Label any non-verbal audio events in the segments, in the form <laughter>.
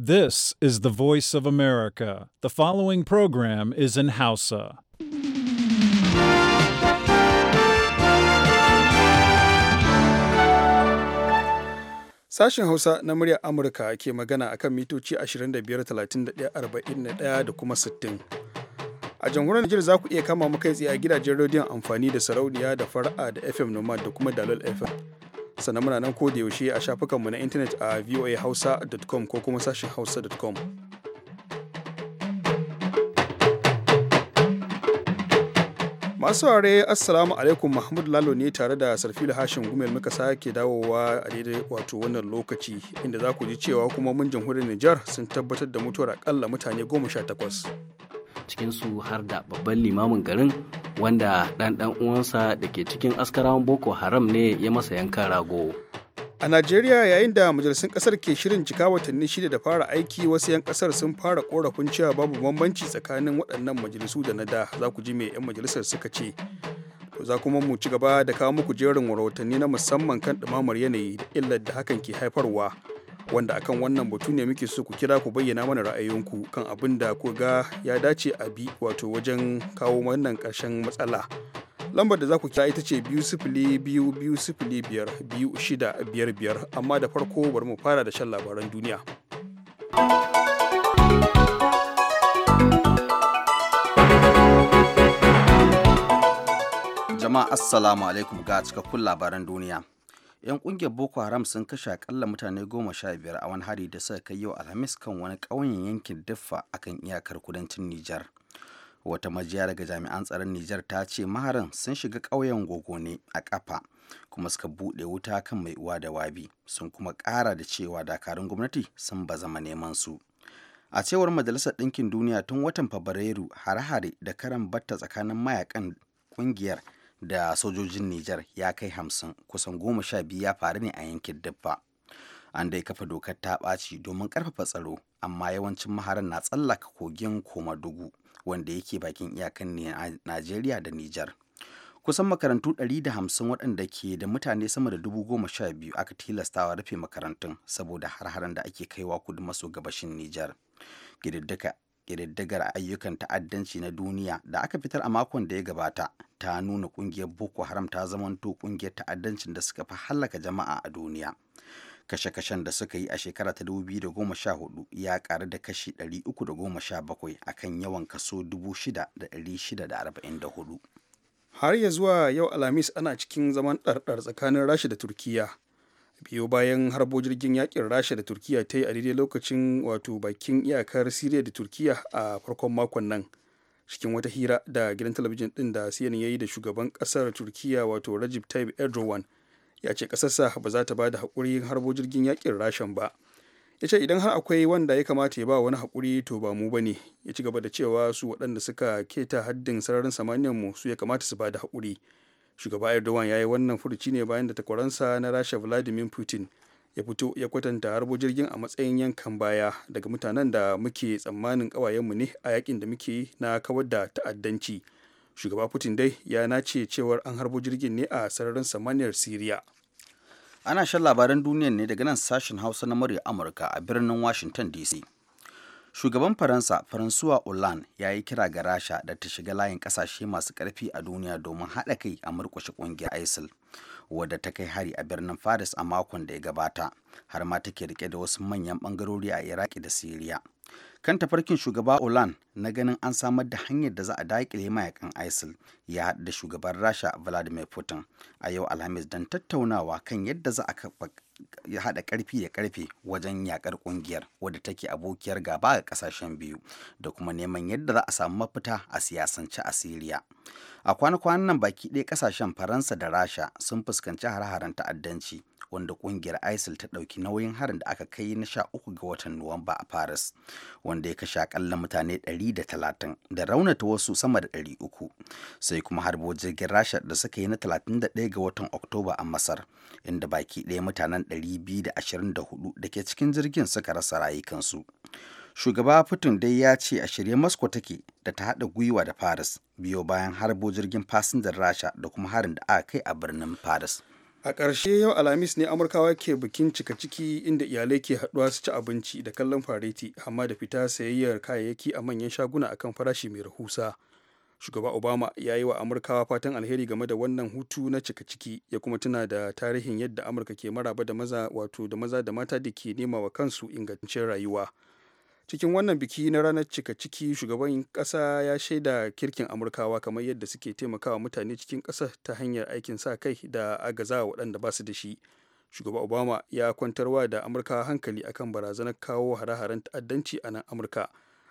This is the voice of America. The following program is in Hausa. Sashen Hausa na muryar Amurka ke magana akan mitoci 25, 31, 41 da kuma 60. a jamhuriyar Nijar za ku iya kama mu kai tsaye a gidajen rediyon amfani da sarauniya da fara'a da FM Nomad da kuma Dalol FM. sannan muna nan koda yaushe a shafukanmu na intanet a voahausa.com ko kuma sashen hausa.com masu ware assalamu alaikum mahmud lalo ne tare da sarfila hashin gumel muka sake dawowa a daidai wato wannan lokaci inda za ku ji cewa kuma mun jamhuriyar nijar sun tabbatar da mutuwar akalla mutane goma sha takwas cikin su har da babban limamin garin wanda ɗan ɗan uwansa da ke cikin askarawan boko haram ne ya masa yanka rago a najeriya yayin da majalisun kasar ke shirin cika watanni shida da fara aiki wasu 'yan kasar sun fara korafin cewa babu bambanci tsakanin waɗannan majalisu da na da za ku ji mai 'yan majalisar suka ce za kuma mu ci gaba da kawo muku jerin rahotanni na musamman kan ɗumamar yanayi da illar da hakan ke haifarwa wanda akan wannan batu ne muke so ku kira ku bayyana mana ra'ayoyinku kan abin da ku ga ya dace a bi wato wajen kawo wannan karshen matsala lambar da za ku kira ita ce biyu sifili biyu biyu sifili biyar biyu shida biyar biyar amma da farko bari mu fara da shan labaran duniya jama'a assalamu alaikum ga cikakkun labaran duniya 'yan kungiyar boko haram sun kashe akalla mutane goma sha biyar a wani hari da suka kai yau alhamis kan wani ƙauyen yankin duffa akan iyakar kudancin nijar wata majiya daga jami'an tsaron nijar ta ce maharan sun shiga ƙauyen gogone a ƙafa kuma suka buɗe wuta kan mai uwa da wabi sun kuma ƙara da cewa dakarun gwamnati sun ba zama neman su a cewar majalisar ɗinkin duniya tun watan fabrairu hare-hare da karan batta tsakanin mayakan kungiyar. da sojojin Nijar ya kai hamsin kusan goma sha biyu ya faru ne a yankin Dabba. An dai kafa dokar ta ɓaci domin ƙarfafa tsaro, amma yawancin maharan na tsallaka kogin koma Komadugu wanda yake bakin iyakan Najeriya da Nijar. Kusan makarantu ɗari da hamsin waɗanda ke da mutane sama da dubu goma sha biyu aka tilastawa rufe makarantun saboda har da ake kaiwa kudu maso gabashin Nijar. Gididdika ƙididdigar ayyukan ta'addanci na duniya da aka fitar a makon da ya gabata ta nuna ƙungiyar boko haram ta zamanto ƙungiyar ta'addancin da suka fi hallaka jama'a a duniya kashe-kashen da suka yi a shekara ta 2014 ya karu da kashi 317 a kan yawan kaso 6,644 har ya zuwa yau alhamis ana cikin zaman ɗarɗar tsakanin rashi da Turkiyya. biyo bayan harbo jirgin yakin rasha da turkiya ta yi a daidai lokacin wato bakin iyakar siriya da turkiya a farkon makon nan cikin wata hira da gidan talabijin din da cnn ya yi da shugaban kasar turkiya wato rajib tayyip erdogan ya ce kasarsa ba za ta ba da haƙuri harbo jirgin yakin rashan ba ya ce idan har akwai wanda ya kamata ya ba wani haƙuri to ba mu ba ne ya ci gaba da cewa su waɗanda suka keta haddin sararin samaniyar mu su ya kamata su ba da haƙuri shugaba erdogan ya yi wannan furuci ne bayan da takwaransa na rasha vladimir putin ya fito ya kwatanta harbo jirgin a matsayin yankan baya daga mutanen da muke tsammanin kawayenmu ne a yakin da muke na kawar da ta'addanci shugaba putin dai ya nace cewar an harbo jirgin ne a sararin samaniyar siriya ana shan labaran duniya ne daga nan sashen hausa na murya amurka a birnin washington dc shugaban faransa faransuwa hollande ya yi kira ga rasha da ta shiga layin kasashe masu karfi a duniya domin haɗa kai a murƙushe ƙungiyar isil wadda ta kai hari a birnin faris a makon da ya gabata har ma take rike da wasu manyan bangarori a iraki da siriya kan tafarkin shugaba hollande na ganin an samar da hanyar da za a daƙile mayakan isil ya haɗu da shugaban rasha vladimir putin a yau alhamis don tattaunawa kan yadda za a ya haɗa ƙarfi da ƙarfe wajen yaƙar ƙungiyar wadda take abokiyar gaba ga ƙasashen biyu da kuma neman yadda za a samu mafita a siyasance a Siriya. a kwana-kwanan nan baki ɗaya ƙasashen faransa da rasha sun fuskanci har-haren ta'addanci wanda ƙungiyar isil ta ɗauki nauyin harin da aka kai na sha uku ga watan nuwamba a paris wanda ya kashe akalla mutane 130 da raunata wasu sama da 300 sai kuma harbo jirgin rasha da suka yi na 31 ga watan oktoba a masar inda baki ɗaya mutanen 224 da ke cikin jirgin suka rasa rayukansu. shugaba putin dai ya ce a shirye moscow take da ta haɗa gwiwa da paris biyo bayan harbo jirgin fasinjar rasha da kuma harin da aka kai a birnin paris a ƙarshe yau alhamis ne amurkawa ke bikin cika ciki inda iyalai ke haɗuwa su ci abinci da kallon fareti amma da fita sayayyar kayayyaki a manyan shaguna akan farashi mai rahusa shugaba obama ya yi wa amurkawa fatan alheri game da wannan hutu na cika ciki ya kuma tuna da tarihin yadda amurka ke maraba da maza wato da maza da mata da ke nema wa kansu ingantaccen rayuwa cikin wannan biki na ranar cika ciki shugaban kasa ya shaida kirkin amurkawa kamar yadda suke taimakawa mutane cikin ƙasa ta hanyar aikin sa kai da agaza waɗanda ba su da shi shugaba obama ya kwantarwa da amurkawa hankali akan barazanar kawo hare-haren ta'addanci a nan amurka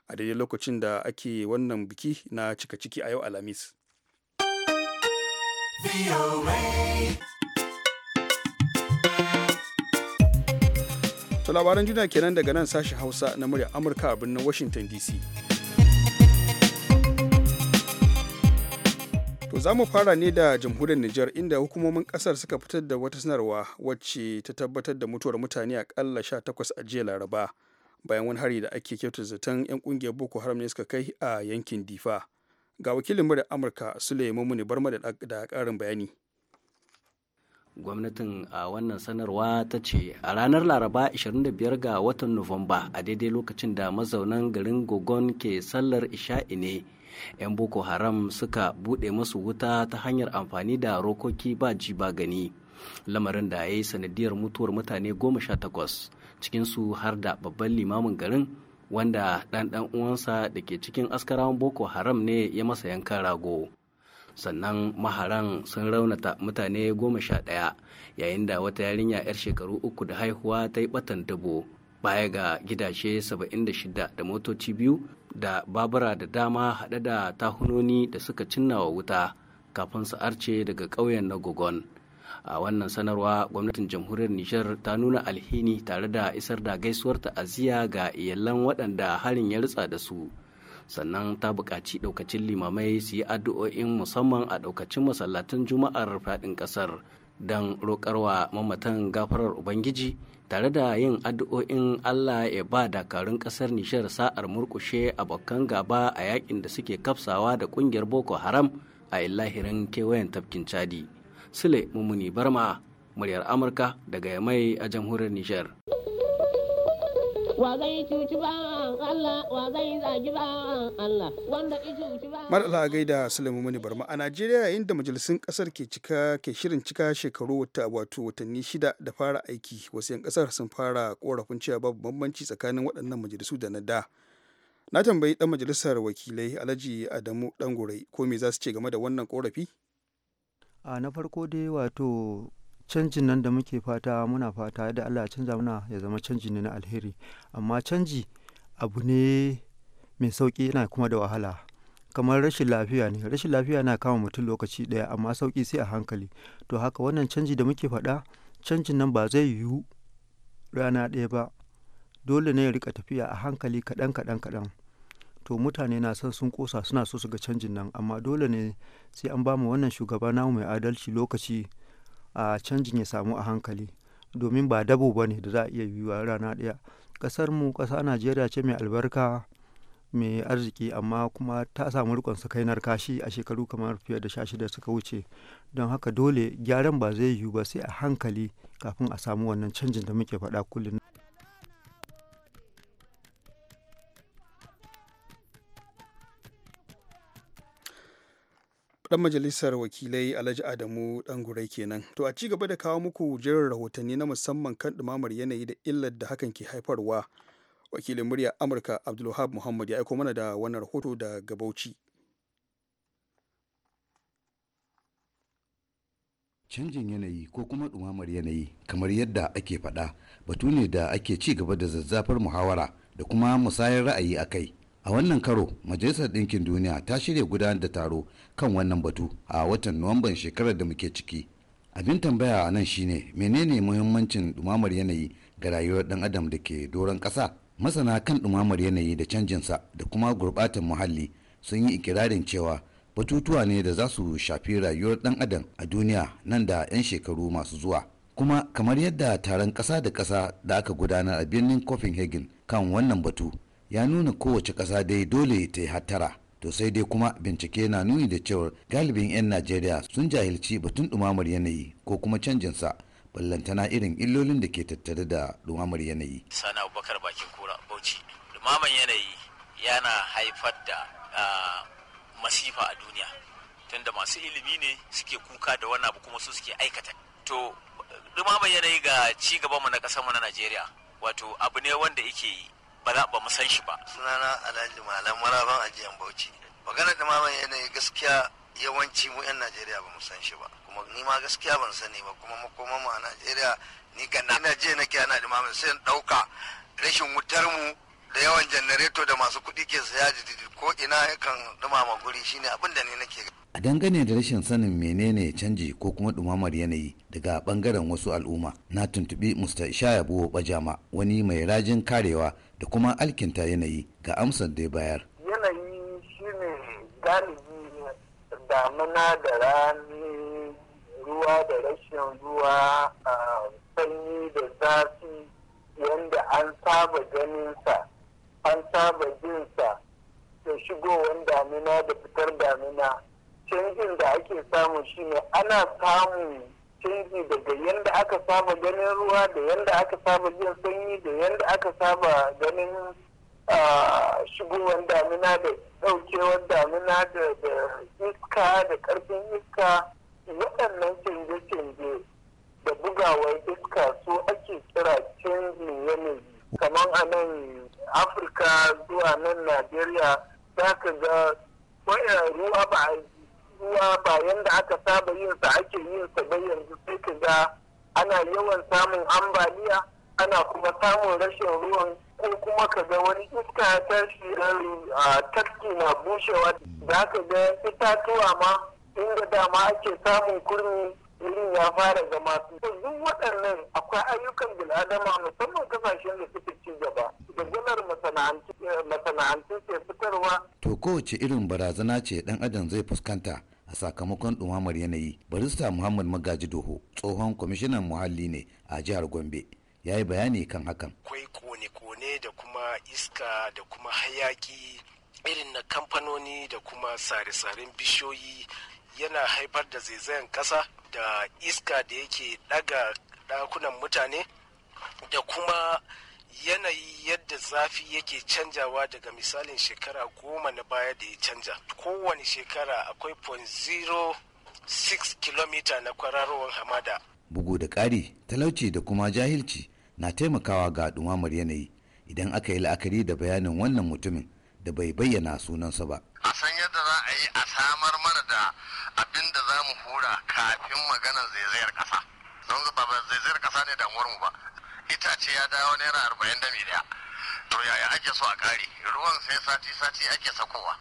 a daidai lokacin da ake wannan biki na cika ciki a yau alhamis to labaran juna kenan daga nan sashi hausa na murya amurka a birnin washington dc To za mu fara ne da jamhuriyar Nijar inda hukumomin kasar suka fitar da wata sanarwa wacce ta tabbatar da mutuwar mutane akalla 18 a jiya Laraba bayan wani hari da ake kyautar zaton 'yan kungiyar Boko Haram ne suka kai a yankin Difa. Ga wakilin murya Amurka Suleiman Muni Barma da ƙarin bayani. gwamnatin a wannan sanarwa ta ce a ranar laraba 25 ga watan nuwamba a daidai lokacin da mazaunan garin gogon ke sallar isha'i ne 'yan boko haram suka buɗe masu wuta ta hanyar amfani da rokoki ba ji ba gani lamarin da ya yi sanadiyar mutuwar mutane 18 sha takwas cikinsu har da babban limamin garin wanda ɗan uwansa da ke cikin askarawan boko haram ne ya masa yankan rago sannan maharan sun raunata mutane goma sha ɗaya yayin da wata yarinya 'yar shekaru uku da haihuwa ta yi batan dubu baya ga gidaje 76 da motoci biyu da babura da dama haɗe da tahunoni da suka cinnawa wuta kafin su arce daga ƙauyen na gogon a wannan sanarwa gwamnatin jamhuriyar nijar ta nuna alhini tare da isar da gaisuwar ta'aziyya ga iyalan waɗanda harin ya ritsa da su sannan ta buƙaci ɗaukacin limamai su yi addu'o'in musamman a ɗaukacin masallatan juma'ar faɗin ƙasar don roƙarwa mamatan gafarar ubangiji tare da yin addu'o'in allah ya ba dakarun ƙasar nishar sa'ar murƙushe abokan gaba a yakin da suke kafsawa da ƙungiyar boko haram a illahirin kewayen tafkin chadi sule mummuni barma muryar amurka daga yamai a jamhuriyar nijar. wa zai cuci Allah wa zai zagi Allah wanda ya cuci gaida Sulaimu Mani Barma a Najeriya yayin da majalisun kasar ke cika ke shirin cika shekaru wata wato watanni shida da fara aiki wasu 'yan kasar sun fara korafin cewa babu bambanci tsakanin waɗannan majalisu da na da. Na tambayi ɗan majalisar wakilai Alhaji Adamu Dangurai ko me za su ce game da wannan korafi? a na farko dai wato canjin nan da muke fata muna fata da Allah canza muna ya zama canji ne na alheri amma canji abu ne mai sauƙi yana kuma da wahala kamar rashin lafiya ne rashin lafiya na kama mutum lokaci ɗaya amma sauki sai a hankali to haka wannan canji da muke faɗa canjin nan ba zai yiwu rana ɗaya ba dole ne ya rika tafiya a hankali kaɗan kaɗan kaɗan to mutane na son sun kosa suna so su ga canjin nan amma dole ne sai an ba mu wannan shugaba namu mai adalci lokaci a canjin ya samu a hankali domin ba dabo ba ne da za a iya yiwuwa rana ɗaya ƙasar mu ƙasa najeriya ce mai albarka mai arziki amma kuma ta samu rikon sakainar kashi a shekaru kamar fiye da sha shida suka wuce don haka dole gyaran ba zai yiwu ba sai a hankali kafin a samu wannan canjin da muke faɗa kullum dan majalisar wakilai alhaji adamu gurai kenan to a ci gaba da kawo muku jerin rahotanni na musamman kan dumamar yanayi da illar da hakan ke haifarwa wakilin murya amurka abdulwahab muhammad ya aiko mana da wannan rahoto da gabauci canjin yanayi ko kuma dumamar yanayi kamar yadda ake faɗa batu ne da ake ci gaba da zazzafar muhawara da kuma musayar ra'ayi a kai a wannan karo majalisar ɗinkin duniya ta shirya gudanar da taro kan wannan batu a watan nuwamban shekarar da muke ciki abin tambaya a nan shine menene muhimmancin dumamar yanayi ga rayuwar ɗan adam da ke doron ƙasa masana kan dumamar yanayi da canjinsa da kuma gurɓatan muhalli sun yi ikirarin cewa batutuwa ne da za su shafi rayuwar ɗan adam a duniya nan da 'yan shekaru masu zuwa kuma kamar yadda taron ƙasa da ƙasa da aka gudanar a birnin copenhagen kan wannan batu ya nuna kowace ƙasa dai dole ta yi hattara to sai dai kuma bincike na nuni da cewar galibin 'yan najeriya sun jahilci batun ɗumamar yanayi ko kuma canjin sa ballantana irin illolin da ke tattare da dumamar yanayi sana abubakar bakin kura bauchi dumamar yanayi yana haifar da masifa a duniya tunda masu ilimi ne suke kuka da wannan abu kuma su suke aikata to dumamar yanayi ga ci gabanmu na mu na najeriya wato abu ne wanda yake bana ba mu san shi ba sunana alhaji malam marafan ajiyan bauchi magana ɗumaman yanayi gaskiya yawanci mu 'yan najeriya ba mu san shi ba kuma ni ma gaskiya ban sani ba kuma makoma mu a najeriya ni na ina je na ana da ɗumaman sai in ɗauka rashin wutar mu da yawan janareto da masu kuɗi ke saya ko ina kan dumama guri shine abin da ni nake a dangane da rashin sanin menene canji ko kuma ɗumamar yanayi daga ɓangaren wasu al'umma na tuntubi musta ishaya buwo bajama wani mai rajin karewa da kuma alkinta yanayi ga amsar da ya bayar yanayi shine galibi damina da rani ruwa da rashin ruwa a sanyi da zafi yadda an saba ganinsa an saba jinsa da shigowar damina da fitar damina canjin da ake samu shine ana samun canji daga yadda aka saba ganin ruwa da yadda aka saba jin sanyi da yadda aka saba ganin shigowar damina da daukewar damina da iska da karfin iska waɗannan canje-canje da bugawar iska su ake kira canji yanayi kamar a nan afirka zuwa nan najeriya za ka ga ruwa ba a ruwa ba yanda aka saba yin sa ake yin sa ba yanzu sai ka ga ana yawan samun ambaliya ana kuma samun rashin ruwan ko kuma ka ga wani iska shirar tashi eh, tafki na bushewa za ka ga itatuwa ma inda dama ake samun kurmi filin ya fara zama to duk waɗannan akwai ayyukan bil'adama musamman kasashen da suke ci gaba da gunar eh, masana'antu ke fitarwa. To kowace irin barazana ce ɗan adam zai fuskanta a sakamakon ɗumamar yanayi barista muhammad magaji doho tsohon kwamishinan muhalli ne a jihar gombe ya yi bayani kan hakan. Akwai kone-kone da kuma iska da kuma hayaki irin na kamfanoni da kuma sare-saren bishiyoyi yana haifar da zaizayen ƙasa da iska da yake daga dakunan mutane da kuma yanayi yadda zafi yake canjawa daga misalin shekara goma na baya da ya canja kowane shekara akwai 0.06 kilomita na kwararowar hamada bugu da ƙari talauci da kuma jahilci na taimakawa ga ɗumamar yanayi idan aka yi la'akari da bayanin wannan mutumin da bai bayyana sunansa ba a san yadda za a yi a samar mana da abin da za mu hura kafin maganar zaizayar ƙasa don ba zaizayar ƙasa ne damuwar mu ba itace ya dawo naira arba'in da miliya to yaya ake so a kare ruwan sai sati sati ake sakowa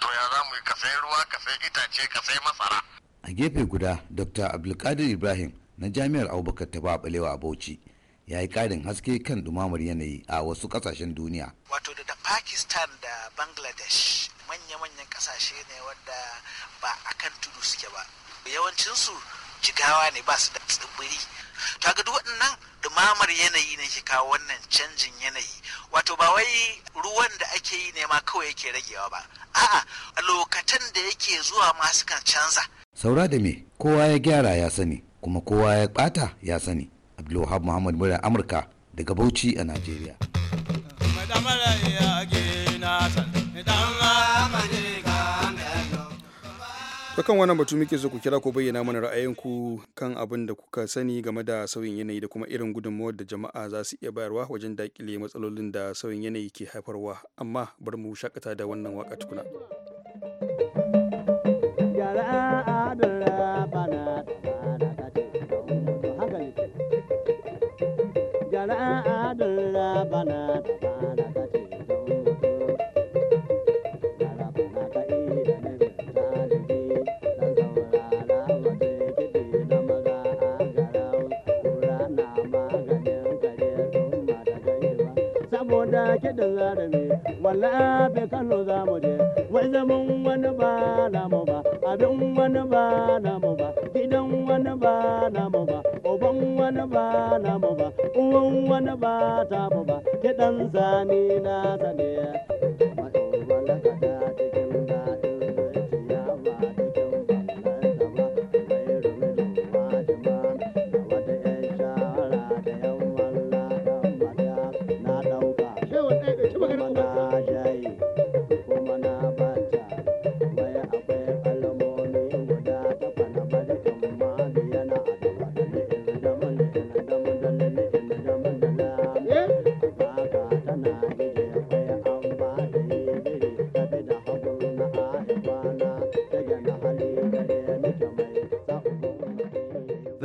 to ya za mu yi ka ruwa ka sai itace ka sai masara a gefe guda dr abdulkadir ibrahim na jami'ar abubakar ta balewa a bauchi ya yi ƙarin haske kan dumamar yanayi a wasu kasashen duniya wato da pakistan da bangladesh manya-manyan kasashe ne wanda ba a kan tudu suke ba yawancinsu jigawa ne ba su da tsibiri to ga duk waɗannan dumamar yanayi ne ke kawo wannan canjin yanayi wato ba wai ruwan da ake yi ne ma kawai yake ragewa ba a'a a lokacin da yake zuwa ma sukan canza saura da me kowa ya gyara ya sani kuma kowa ya ɓata ya sani abdulwahab muhammad murya amurka daga bauchi a najeriya to kan wannan batu muke so ku kira ko bayyana mana ra'ayinku kan abin da kuka sani game da sauyin yanayi da kuma irin gudunmawar da jama'a za su iya bayarwa wajen dakile matsalolin da sauyin yanayi ke haifarwa amma bari mu shakata da wannan waka tukuna. da zarabe be kano za mu je wai zaman wani ba mu ba abin wani ba mu ba gidan wani ba mu ba uban wani ba mu ba uwan wani ba mu ba kiɗan sani na ne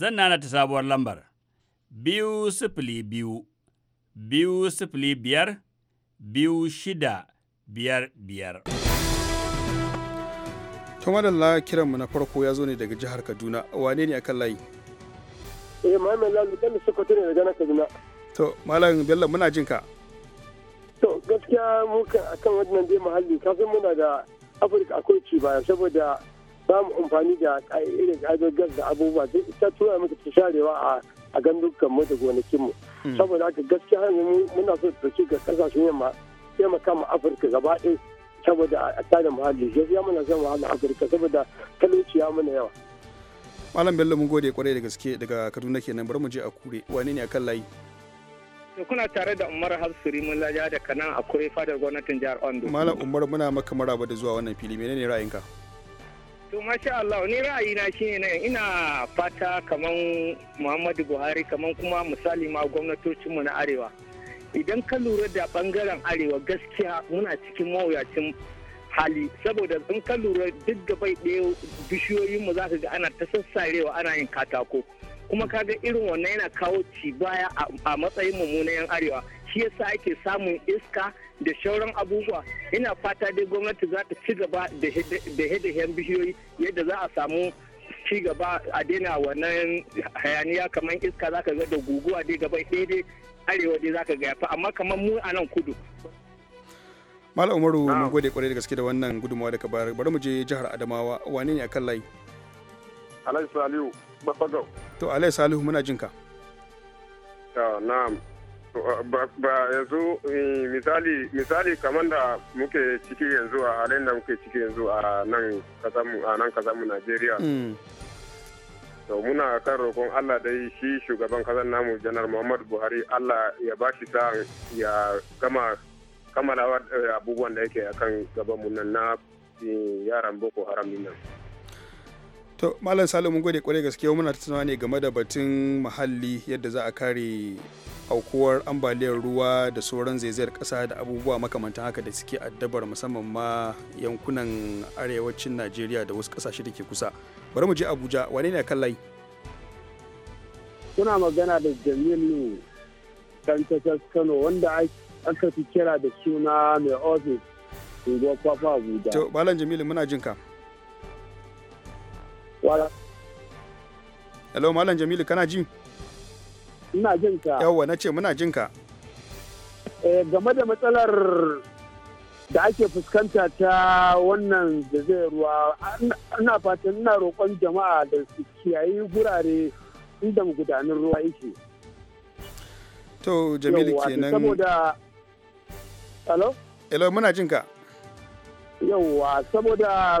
Zan nana ta sabuwar lambar biyu sifili biyu, biyu sifili biyar, biyu shida biyar biyar. Tumadalla kiranmu na farko ya zo ne daga jihar Kaduna, wane ne akan layi? Eh, Muhammad Lalu, ɗan Sokoto ne daga Kaduna. To, Malam Bello muna jin ka. To, gaskiya muka akan wannan dai muhalli, kafin muna da Afirka akwai ci baya saboda ba amfani da irin gas da abubuwa sai ita tura muka ta sharewa a gandukan mu da mu hmm. saboda haka gaskiya mu muna so ta ci ga kasashen yamma mu kama afirka gaba ɗaya saboda a tsarin muhalli gaskiya muna son wahala afirka saboda talauci muna yawa malam bello mun gode kwarai da gaske daga kaduna kenan bari mu je a kure wane ne akan layi to kuna tare da umar hafsuri mun laja da kanan a kure fadar gwamnatin jihar ondo malam umar muna maka maraba da zuwa wannan fili menene ra'ayinka To masha Allah ni ra'ayina shi ne ina fata kamar Muhammadu Buhari kamar kuma misali ma gwamnatocinmu na Arewa. Idan ka lura da bangaren Arewa gaskiya muna cikin mawuyacin hali saboda in ka lura duk gabai ɗaya bishiyoyinmu za ka ga ana ta sassarewa ana yin katako. Kuma kaga irin wannan yana kawo ci baya a matsayin mu yan Arewa. shi yasa ake samun iska da shauran abubuwa ina fata dai gwamnati za ta ci gaba da hedehen bishiyoyi yadda za a samu ci gaba a daina wannan hayaniya kamar iska za ka ga da guguwa dai gaba daidai arewa dai za ka ga yafi amma kamar mu a nan kudu Malam Umaru mun gode kwarai da gaske da wannan gudunmawa da ka bayar bari mu je jihar Adamawa wane ne akan layi Alhaji Salihu Babagau To Alhaji Salihu muna jinka ah, na'am ba yanzu eh, misali misali kamar da muke ciki yanzu a halin da muke ciki yanzu a nan kasanmu a nan kasanmu Najeriya hmm. to muna kan rokon Allah dai shi shugaban kasar namu janar Muhammadu Buhari Allah ya ba shi sa ya gama kammalawa eh, abubuwan da yake akan gabanmu nan na eh, yaran Boko Haram nan. To Malam Salimu gode kwarai gaske muna tattaunawa ne game da batun muhalli yadda za a kare aukuwar ambaliyar ruwa da sauran zaizayar ƙasa da abubuwa makamantan haka da suke addabar musamman ma yankunan arewacin najeriya da wasu ƙasashe da ke kusa bari mu je abuja wane ne kan layi kuna magana da jamilu kan kano wanda aka fi kira da suna mai ofis unguwar kwafa abuja to balan jamilu muna jin ka hello malam jamilu kana ji ina jin ka Yawwa na ce muna jin ka eh, game da matsalar da ake fuskanta ta wannan da zai ruwa ana fatan ina roƙon jama'a da su kiyayi gurare inda gudanar ruwa yake to jamilu kenan saboda hello hello muna jin ka Yawwa saboda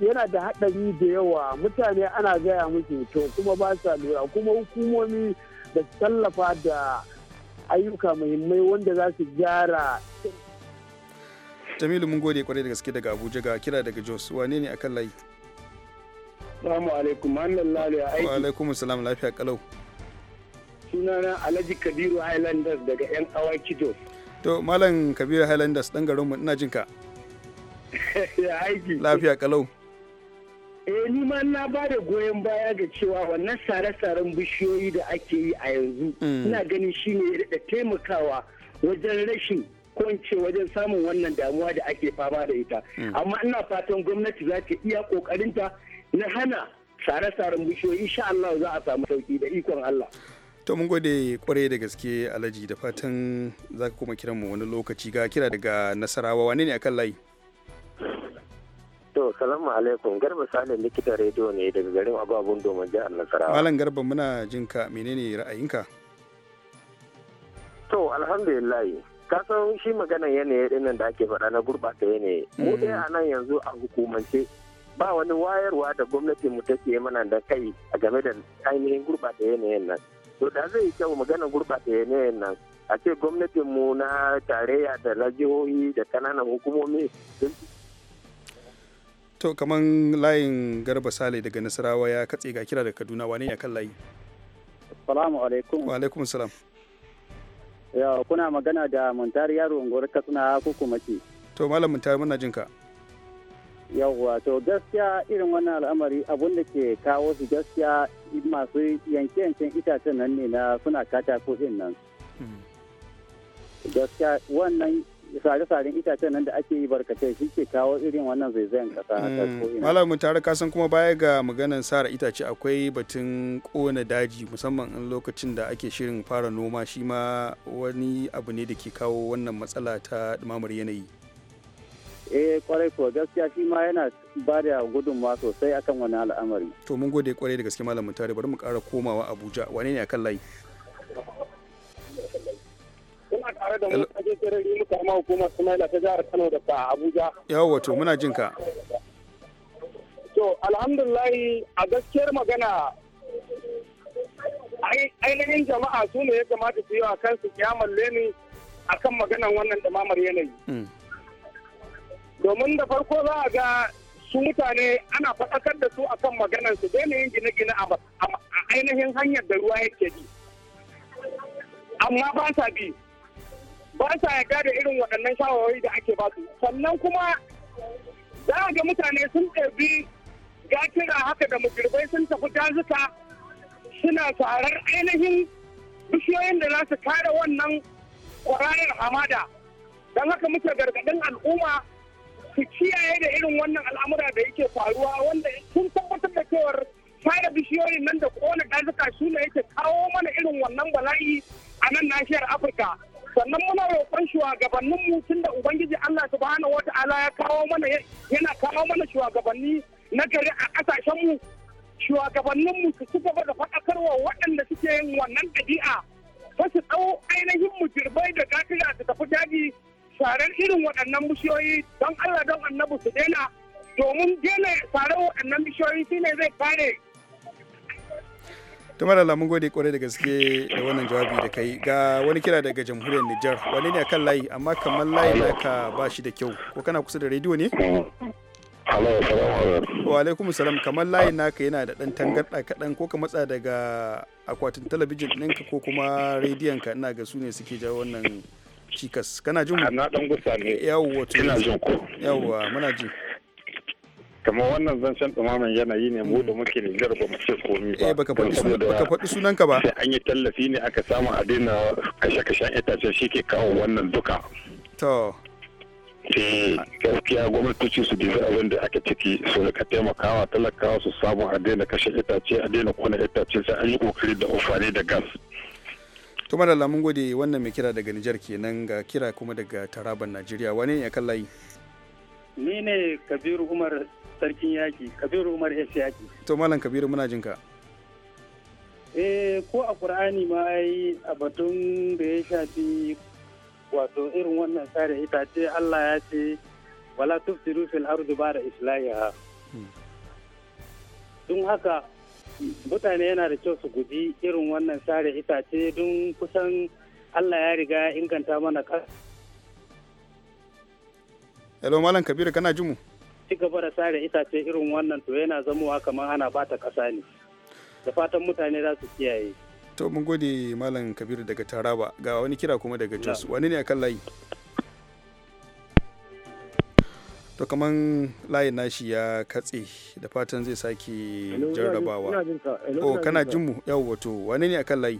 yana da haɗari da yawa mutane ana gaya musu to kuma ba sa lura kuma hukumomi da tallafa da ayyuka muhimmai wanda za su gyara jamilu mun gode kwarai da gaske daga abuja ga kira daga jos wane ne akan layi salamu alaikum hannun lalaya aiki wa alaikum salam lafiya kalau sunana alhaji kabiru highlanders daga yan awaki jos to malam kabiru highlanders dan garinmu ina jinka <laughs> aiki lafiya kalau eh ni ma na ba da goyon baya ga cewa wannan sare-saren bishiyoyi da ake yi a yanzu mm. ina ganin shi ne da taimakawa wajen rashin kwance wajen samun wannan damuwa da ake fama da ita mm. amma ina fatan gwamnati za ta iya kokarinta na hana sare-saren bishiyoyi insha Allah za a samu sauki da ikon Allah to mun gode kwarai da gaske alhaji da fatan za ka kuma kiran mu wani lokaci ga kira daga nasarawa wane ne akan layi To, salamu alaikum. Garba sani likitan rediyo ne daga garin ababun Domin jihar Nasarawa. Malam Garba muna jin ka menene ra'ayinka? To, alhamdulillah. Ka san shi magana yanayi dinnan da ake faɗa na gurɓata yanayi. Mu dai mm. a nan yanzu a hukumance ba wani wayarwa da gwamnati mu take mana da kai a game da ainihin gurɓata yanayin nan. To da zai yi kyau maganar gurɓata yanayin nan a ce gwamnatin mu na tarayya da na jihohi da kananan hukumomi sun to kaman layin garba sale daga nasarawa ya katse ga kira da kaduna wane ne kan layi salamu alaikum wa alaikum salam ya kuna magana da muntari yaro unguwar katsina ko kuma ce to malam muntari muna jin ka yawwa to gaskiya irin wannan al'amari abun da ke kawo su gaskiya masu yanke yanke itacen nan ne na suna katako din nan hmm. gaskiya wannan sare-saren itacen nan da ake yi barkatai shi ke kawo irin wannan zaizayen kasa mm. malam mun tare kasan kuma baya ga maganan sare itace akwai batun kona daji musamman in lokacin da ake shirin fara noma shi ma wani abu ne da ke kawo wannan matsala ta dumamar yanayi eh kwarai kuwa gaskiya shi ma yana ba da gudunmawa sosai akan wani al'amari to mun gode kwarai da gaske malam tare bari mu kara komawa abuja wane ne akan layi tare da mu kaje sarari mu hukumar Sumaila ta jihar Kano da ta Abuja. Yawwa to muna jin ka. To alhamdulillahi a gaskiyar magana ainihin jama'a su ne ya kamata su yi wa kansu kiyamar leni a kan maganan wannan damamar yanayi. Mm. Domin da farko za a ga su mutane ana faɗakar da su akan maganan su daina yin gine-gine a ainihin hanyar da ruwa yake bi. Amma ba sa bi. ba sa yarda da irin waɗannan shawarwari da ake ba su sannan kuma za a ga mutane sun ɗabi ya kira haka da mugirbai sun tafi dazuka suna tsarar ainihin bishiyoyin da za su kare wannan ƙwararren hamada don haka muke gargaɗin al'umma su kiyaye da irin wannan al'amura da yake faruwa wanda sun tabbatar da cewar fara bishiyoyin nan da kona dazuka su ne yake kawo mana irin wannan bala'i a nan nashiyar afirka sannan muna roƙon shugabannin mu tun da ubangiji Allah subhanahu wata'ala ya kawo mana yana kawo mana shugabanni na gari a ƙasashen mu shugabannin mu su gaba da faɗakarwa waɗanda suke yin wannan ɗabi'a ko su ɗau ainihin mujirbai da gafira su tafi daji sarar irin waɗannan bishiyoyi don Allah don annabi su daina domin daina sarar waɗannan bishiyoyi shine zai kare to lamun mun gode kwarai da gaske da wannan jawabi da kai ga wani kira daga jamhuriyar Nijar wani ne akan layi amma kamar layi ka ba shi da kyau ko kana kusa da rediyo ne wa alaikum salam kamar layi ka yana da dan tangarda kaɗan ko ka matsa daga akwatin talabijin ɗinka ko kuma rediyon ka ina ga su suke jawo wannan cikas kana jin mu na yawwa jin yawwa muna ji kamar wannan zancen ɗumamin yanayi ne mu da muke Nijar ba mu ce komi ba. Eh baka faɗi sunanka ba. Sai an yi tallafi ne aka samu a daina kashe-kashen itace shi ke kawo wannan duka. To. Eh gaskiya gwamnatoci su dizi abin da aka ciki su ka taimakawa talakawa su samu a daina kashe itace a daina kona itace sai an yi kokari da amfani da gas. To madalla mun gode wannan mai kira daga Nijar kenan ga kira kuma daga Taraban Najeriya wani ne ya kan layi? Ni ne Kabiru Umar sarkin yaki kabiru umar s yaki to malam kabiru muna jin ka eh ko a qur'ani ma ai a batun da ya shafi wato irin wannan ita itace allah ya ce wala tufsiru fil ardi ba'da islahiha hmm. don haka mutane yana da kyau su guji irin wannan sare itace don kusan allah ya riga inganta mana ka hello malam kabiru kana jumu. mu ci gaba da sare itace irin wannan to yana zamowa kamar ana bata ƙasa ne da fatan mutane za su kiyaye to mun gode malam kabiru daga taraba ga wani kira kuma daga jos wani ne akan layi to kaman layin nashi ya katse da fatan zai sake jarrabawa o oh, kana jin mu yau wato wani ne akan layi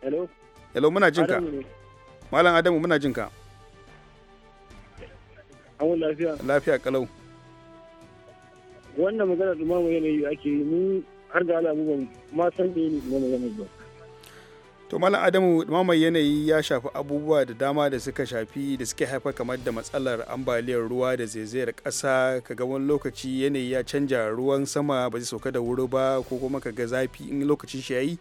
hello hello muna jin ka malam adamu muna jin ka lafiya kalau wannan magana dumama yanayi ake yi mu har da alamu ban ma san da yanayi dumama yanayi ba to malam adamu dumama yanayi ya shafi abubuwa da dama da suka shafi da suke haifar kamar da matsalar ambaliyar ruwa da zaizayar ƙasa kaga wani lokaci yanayi ya canja ruwan sama ba zai sauka da wuri ba ko kuma ka ga zafi in lokacin shi yayi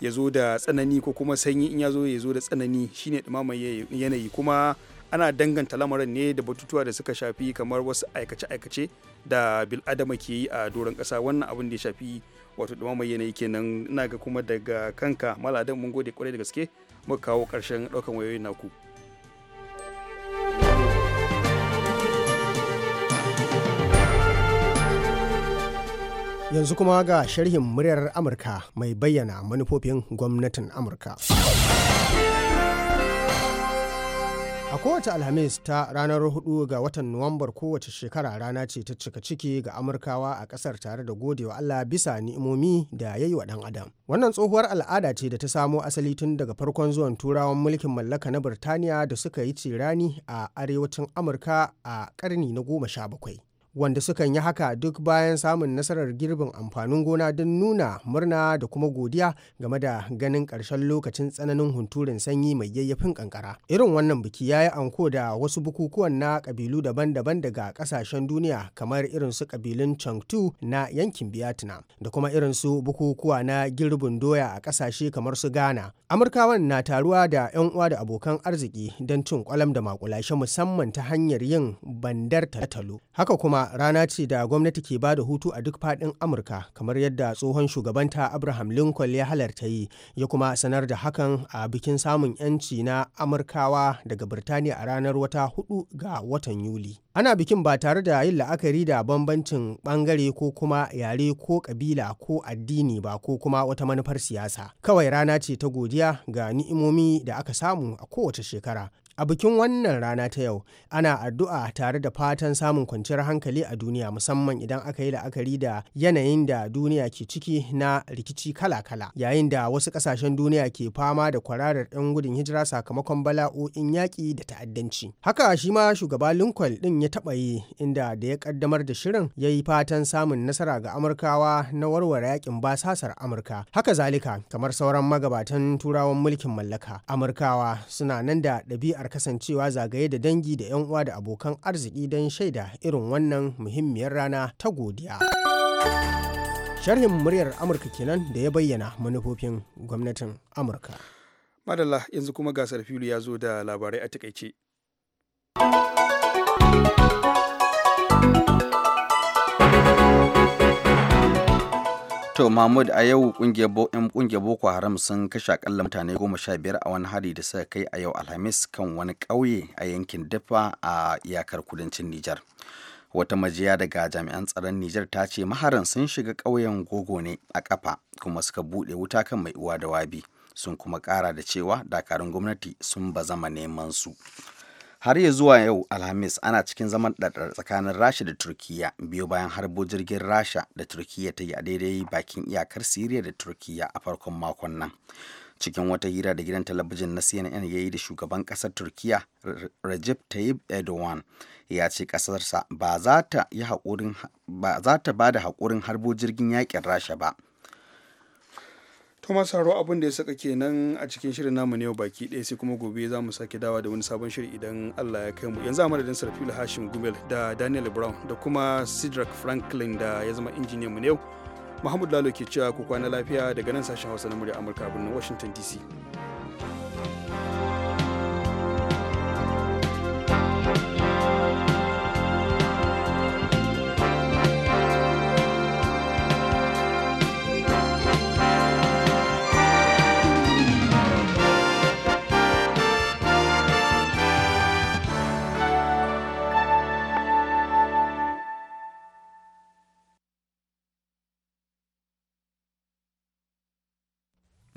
ya zo da tsanani ko kuma sanyi in ya zo ya zo da tsanani shine dumama yanayi kuma ana danganta lamarin ne da batutuwa da suka shafi kamar wasu aikace-aikace da bil'adama ke yi a doron ƙasa wannan abin da ya shafi wato ɗumamar yanayi kenan na ga kuma daga kanka maladan mun gode kwarai da gaske muka kawo ƙarshen ɗaukan wayoyin naku. Yanzu kuma ga sharhin muryar Amurka mai bayyana manufofin gwamnatin Amurka. A kowace Alhamis ta ranar hudu ga watan Nuwambar kowace shekara rana ce ta cika ciki ga Amurkawa a kasar tare da godewa Allah bisa ni'imomi da ya yi wa ɗan Adam. Wannan tsohuwar al'ada ce da ta samo asali tun daga farkon zuwan turawan mulkin mallaka na Birtaniya da suka yi cirani a arewacin Amurka a karni na goma sha bakwai. wanda sukan yi haka duk bayan samun nasarar girbin amfanin gona don nuna murna da kuma godiya game da ganin ƙarshen lokacin tsananin hunturin sanyi mai yayyafin kankara irin wannan biki ya yi anko da wasu bukukuwan na ƙabilu daban-daban daga ƙasashen duniya kamar irin su ƙabilun changtu na yankin biyatina da kuma irin su bukukuwa na girbin doya a ƙasashe kamar su ghana amurkawan na taruwa da 'yan uwa da abokan arziki don cin kwalam da makulashe musamman ta hanyar yin bandar talo haka kuma rana ce da gwamnati ke ba da hutu a duk faɗin Amurka kamar yadda tsohon shugabanta Abraham Lincoln ya halarta yi ya kuma sanar da hakan a bikin samun 'yanci na Amurkawa daga Birtaniya a ranar wata hudu ga watan Yuli. Ana bikin ba tare da yin la'akari da bambancin bangare ko kuma yare ko kabila ko addini ba ko kuma wata manufar siyasa. Kawai rana ce ta godiya ga ni'imomi da aka samu a kowace shekara A bikin wannan rana ta yau, ana addu'a tare da fatan samun kwanciyar hankali a duniya musamman idan aka yi la'akari da yanayin da duniya ke ciki na rikici kala-kala, yayin da wasu ƙasashen duniya ke fama da kwararar ɗan gudun hijira sakamakon bala'o'in yaƙi da ta'addanci. Haka shi ma shugaba Lincoln ɗin ya taɓa yi inda da ya ƙaddamar da shirin ya yi fatan samun nasara ga Amurkawa na warware yaƙin basasar Amurka. Haka zalika, kamar sauran magabatan Turawan mulkin mallaka, Amurkawa suna nan da ɗabi'ar kasancewa zagaye da dangi da 'yan uwa da abokan arziki don shaida irin wannan muhimmiyar rana ta godiya. Sharhin muryar Amurka kenan da ya bayyana manufofin gwamnatin Amurka. Madalla yanzu kuma gasar fili ya zo da labarai a takaice. To Mahmud a yau kungiyar Boko Haram sun kashe akalla mutane goma sha biyar a wani hari da suka kai a yau Alhamis kan wani ƙauye a yankin Dafa a iyakar kudancin Nijar. Wata majiya daga jami'an tsaron Nijar ta ce maharan sun shiga ƙauyen gogo ne a ƙafa kuma suka buɗe wuta kan mai uwa da wabi sun kuma ƙara da cewa dakarun gwamnati sun ba zama neman su. har ya zuwa yau alhamis ana cikin zaman ɗaɗɗar tsakanin rasha da turkiya biyo bayan harbo jirgin rasha da turkiya ta yi a daidai bakin iyakar siriya da turkiya a farkon makon nan cikin wata hira da gidan talabijin na cnn ya yi da shugaban ƙasar turkiya recep tayyip erdogan ya ce ƙasarsa ba za ta ba da haƙurin harbo jirgin yakin rasha ba Thomas Haro abin da ya saka kenan a cikin shirin namu ne baki ɗaya sai kuma gobe za mu sake dawa da wani sabon shiri idan Allah ya kai mu. Yanzu a madadin Sarfil Hashim Gumel da Daniel Brown da kuma Cedric Franklin da ya zama injiniyan mu ne yau. Muhammad Lalo ke cewa ku kwana lafiya daga nan sashen Hausa na murya Amurka birnin Washington DC.